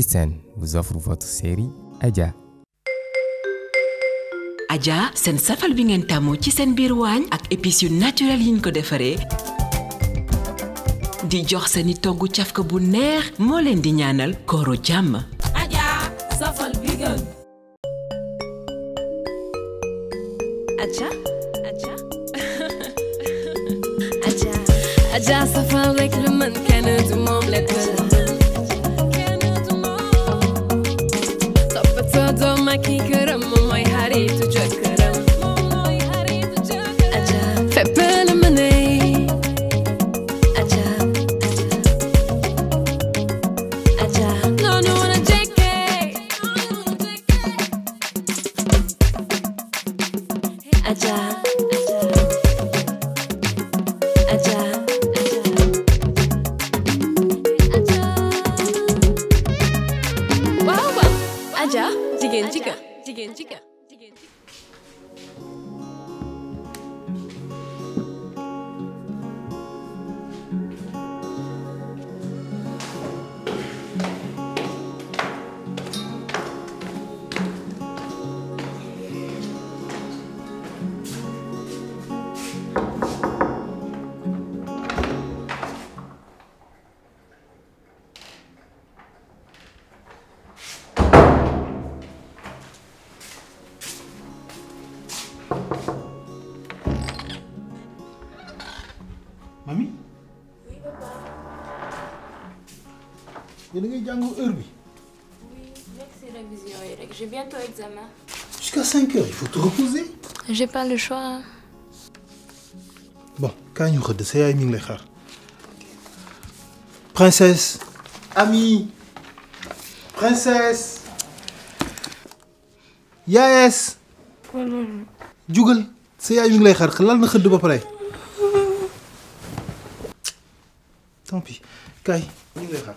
Sen vous offre votre série Aja. Aja, c'est safal bi ngeen tàmmu ci seen biir waañ ak épices ko defare. di jox Aja. Aja, Aja, bu neex mo len di ñaanal kooru Adja safal bi aja Adja Adja. Adja safal du de Ma kikuramu mai harito J'ai un peu de temps pour vous. Oui, c'est la vision, Eric. J'ai bientôt l'examen..! Jusqu'à 5 heures, il faut te reposer J'ai pas le choix. Bon, Kai, nous avons des choses à faire. Princesse, Ami, Princesse, Yaes. Quoi de neuf Djougal, c'est à faire. Je ne vais pas parler. Tant pis. Kai, nous avons des choses à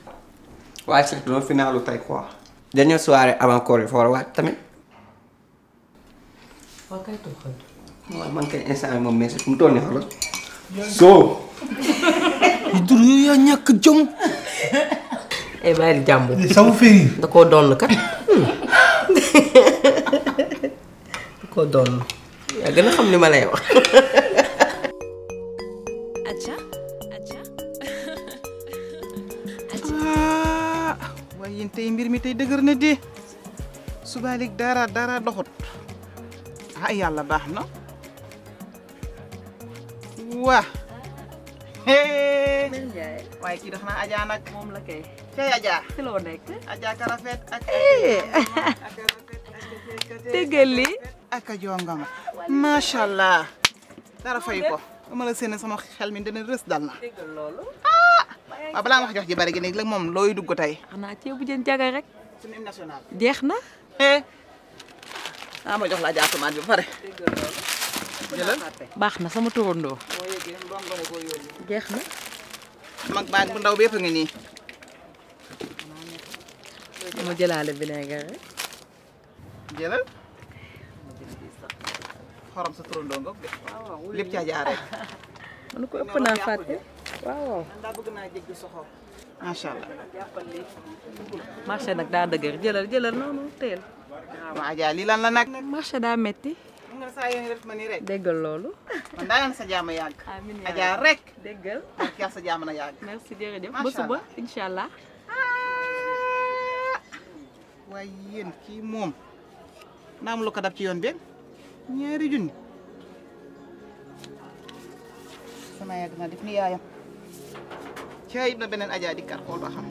waawi sikki noon finalu tawi quoi dernier soirée avant coré fowara waat tamit wakay to xadu waaw man kay instant moom mais fu mu toll nii xoolal soo dur yooyu yaa ñàkk jom eh bàyyi di jàmbur sama fii a yéen tey mbir mi tay dëgër na di subalik dara dara doxut ah yalla baxna wa he way ki dafa naa Adja nag moom la kay tey aja ci lo nek aja ka rafet ak dëggal ak a ma sha allah dara fay ko dama la sama xel mi dana rës dal na waaw balaa wax jox ji bari gi léegi moom looy dugg tey. xanaa ceebu jën jagay rek. suñu hymne national. jeex na. Eh. ah ma jox laa jaatu maat bi iya, ba pare. jëlal baax na sama turandoo. jeex na. mag baag bu ndaw bépp nga nii. ma jëlaale vinaigre rek. jëlal. xorom sa turandoo nga man ko Wow. daa bëgg naa jéggi sa xol macha allah marché nag daa dëgër jëlal jëlal noonu nah, teel waaw Adja lii lan la nag marché daa metti nga saa yéen def ma ni rek déggal loolu man daa yàlla sa jàmm yàgg amiin Adja rek déggal ak yàlla sa jàmm na yàgg merci jërëjëf ba suba incha allah ah. waaye yéen kii moom naa am lu ko dab ci yoon bi ñaari junni sama yàgg na def ni yaayam ci ayib na beneen ajaa dikkaat xool ba xam.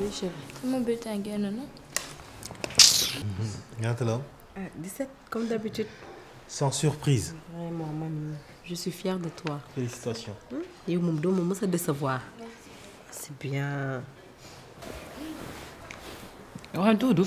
oui chérie. Comment bulletin génn na. ñaata 17 ah, comme d'habitude. sans surprise. vraiment maman.. je suis fière de toi. félicitations. Et au moment ma mës décevoir. merci. c'est bien. waaw Doudou.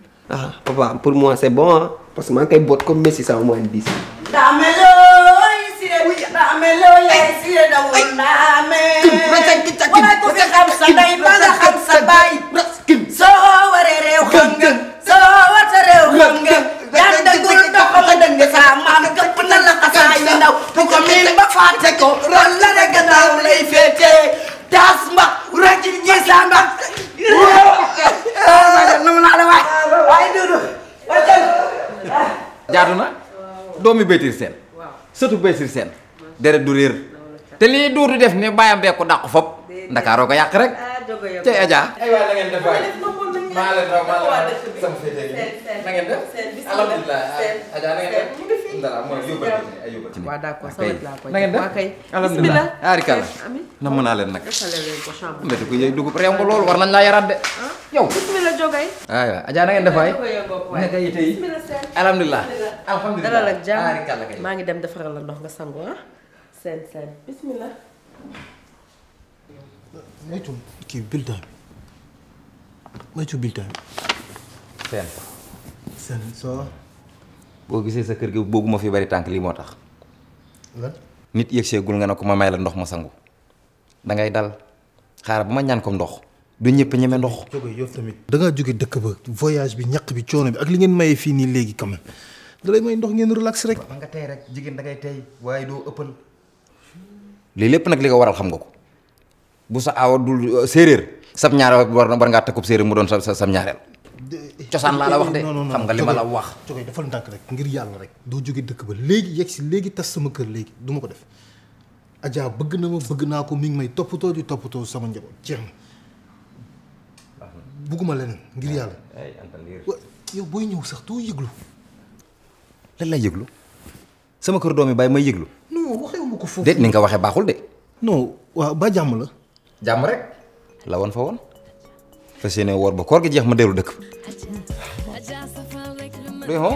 ah papa pour moi c'est bon ah parce que maa ngi koy boot comme Messi sama moyenne dix. doomi Baytir Seen sëtu betir sen dere du rir te du du def ne bayam be ko dakk fop Ndakaaroo ko yak rek ah, te aja ay wa la ngeen def waay ma la do ma la sam féete te ma ngeen def alhamdullilah aja na ngeen def ndala mooy yóbbal ay yóbbal waaw d'accord sama laa na ngeen def kay na war nañ de ah? yow bismillah jogay na ngeen def alhamdulilah dalal ak jàmm maa ngi dem defaral la ndox nga sangu ah. seen seen bismillah. boo gisee sa kër gi bëgguma fi bari tànk lii moo tax. nit nit yëgseegul nga ne ko ma may la ndox ma sangu da ngay dal xaaral ba ma ñaan ko ndox. du ñëpp ñeme ndox. jóge yow tamit. da ngaa jóge dëkk ba voyage bi ñaq bi coono bi ak li ngeen maye fii nii léegi quand dalay may ndox ngeen relax rek. ba nga tay rek jigen da ngay tay way do eppal li lepp nak li waral xam nga ko bu sa aawa dul séeréer sab ñaareel war na bar nga serer mu don sa sam ñaarel ciosan la la wax de xam nga lima la wax. cogoy defal ndànk rek ngir yalla rek do jóge dekk ba legi yex legi tas sama keur legi duma ko def. Adja bëgg na ma bëgg na ko mi ngi may toppatoo di toppatoo sama njaboot jeex na bugguma leneen ngir yow boy ñew sax to yeglu lan lay yeglu sama keur doomi bàyyi may No, non waxewuma ko foofu. déet ni nga waxe baxul de. non wa ba jam la. jam rek. la won fa won fasiyene wor ba kor gi jeex ma dellu dëkk. luy xoo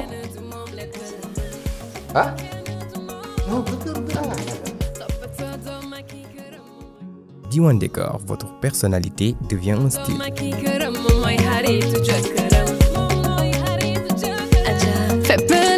ah. Diwan Décor, votre personnalité devient un style. Fais